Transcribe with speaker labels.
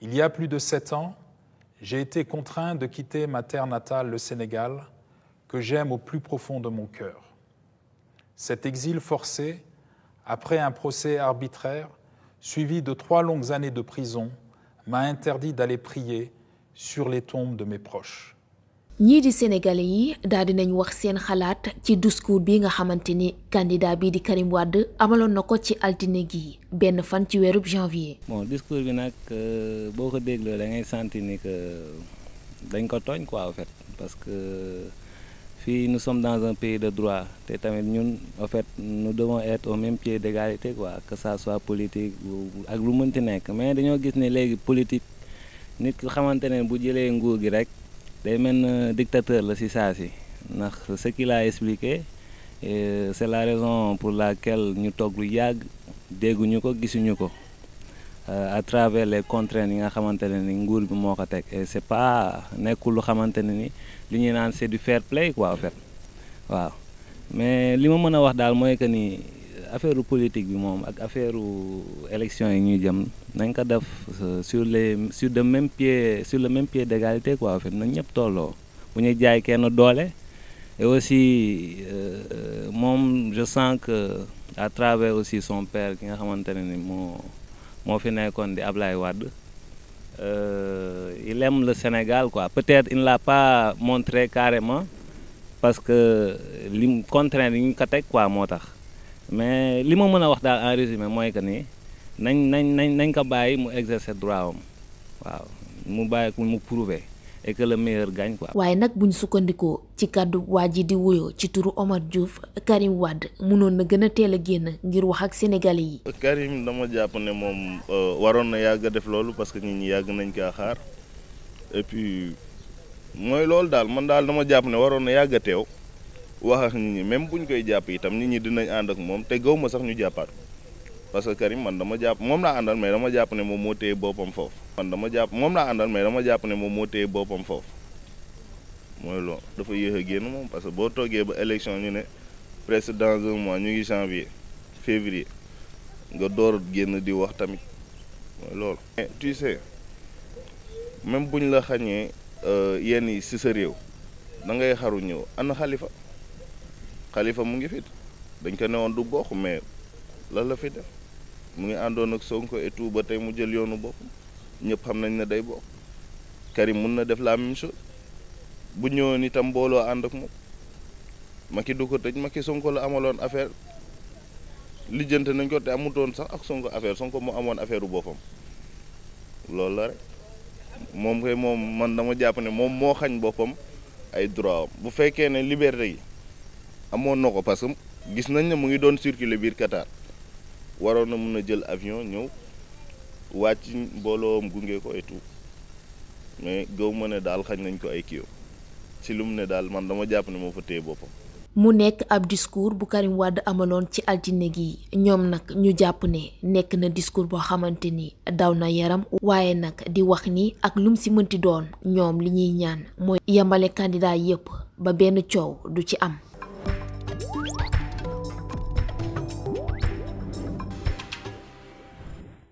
Speaker 1: Il y a plus de sept ans, j'ai été contraint de quitter ma terre natale, le Sénégal, que j'aime au plus profond de mon cœur. Cet exil forcé, après un procès arbitraire, suivi de trois longues années de prison, m'a interdit d'aller prier sur les tombes de mes proches. ñii di sénégalais yi daal di wax seen xalaat ci discours bi nga xamante ni candidat bii di Karim Wade amaloon na ko ci altine gi benn fan ci weerub janvier.
Speaker 2: bon discours bi nag euh, boo ko dégloo da ngay sentir ni que dañ ko tooñ quoi en parce que. fii nous sommes dans un pays de droit te tamit ñun en nu nous devons au même pied d'égalité quoi que ça soit politique ak lu mënti nekk mais dañoo gis ne léegi politique nit ki xamante ne bu jëlee nguur gi rek day mel dictateur la si saa si ndax ce qu'il a expliqué euh, c'est la raison pour la laquelle ñu toog lu yàgg dégguñu ko gisuñu ko euh, à travers les contraintes yi nga xamante ne ni nguur bi moo ko teg et c'est pas nekkul lu xamante ne ni li ñuy naan c'est du fair play quoi en fait waaw mais li ma mën a wax daal mooy que ni. affaire politique bi moom ak affaire élection yi ñuy jëm nañ ko def euh, sur le sur le même pied sur le même pied d'égalité quoi en fait nañ ñëpp tolloo bu ñuy jaay kenn doole et aussi euh, moom je sens que à travers aussi son père ki nga xamante ne ni moo moo fi nekkoon di Ablaye Wade euh, il aime le Sénégal quoi peut-être il ne l'a pas montré carrément parce que euh, li contraint yi ñu ko teg quoi moo tax mais li ma mën a wax daal en résumé mooy que nii nañ nañ nañ nañ ko bàyyi mu exercer droit am waaw mu bàyyi ko mu prouver et que le meilleur gagne quoi. waaye
Speaker 1: nag bu ñu sukkandikoo ci kàddu waa ji di wuyoo ci turu Omar Diouf Karim Wade munoon na gën a teel a génn ngir wax ak sénégalais yi.
Speaker 3: Karim dama jàpp ne moom euh, waroon na yàgg a def loolu parce que nit ñu yàgg nañ kaa xaar et mooy loolu daal man daal dama jàpp ne waroon na yàgg a teew. wax ak nit ñi même buñ koy jàpp itam nit ñi dinañ ànd ak moom te gaw ma sax ñu jàppaat ko parce que Karim man dama jàpp moom laa àndal mais dama jàpp ne moom moo téye boppam foofu. man dama jàpp moom laa àndal mais jàpp ne moom moo téye foofu mooy loolu dafa yéex a génn moom parce que boo toogee ba élection ñu ne presque dans un mois ñu ngi janvier février nga door génn di wax tamit mooy loolu. mais tu sais même buñ la xañee euh, yenn yi si sa réew da ngay xaru ñëw ana xalifa. xalifa mu ngi fit dañ ko newoon du bokk mais la la fi def mu ngi àndoon ak Sonko et tout ba tey mu jël yoonu bopp ñëpp xam nañ ne day bokk kari mun na def la même chose bu ñëwoon itam mbooloo ànd ak moom Macky du ko tëj Macky Sonko la amaloon affaire lijjante nañ ko te amutoon sax ak Sonko affaire Sonko mu amoon affaire boppam loolu la rek moom kay moom man dama jàpp ne moom moo xañ boppam ay droit am bu fekkee ne liberté yi. amoon na ko parce que gis nañ ne mu ngi doon circuler biir Qatar waroon na mën a jël avion ñëw wàcc mbooloom gunge ko et mais gëw ne daal xañ nañ ko ay kii ci lu mu ne daal man dama jàpp ne moo fa boppam.
Speaker 1: mu nekk ab discours bu Karim Wade amaloon ci altine gi ñoom nag ñu jàpp ne nekk na discours boo xamante ni daw na yaram waaye nag di wax ni ak lum si mënti doon ñoom li ñuy ñaan mooy yembale candidat yépp ba benn coow du ci am.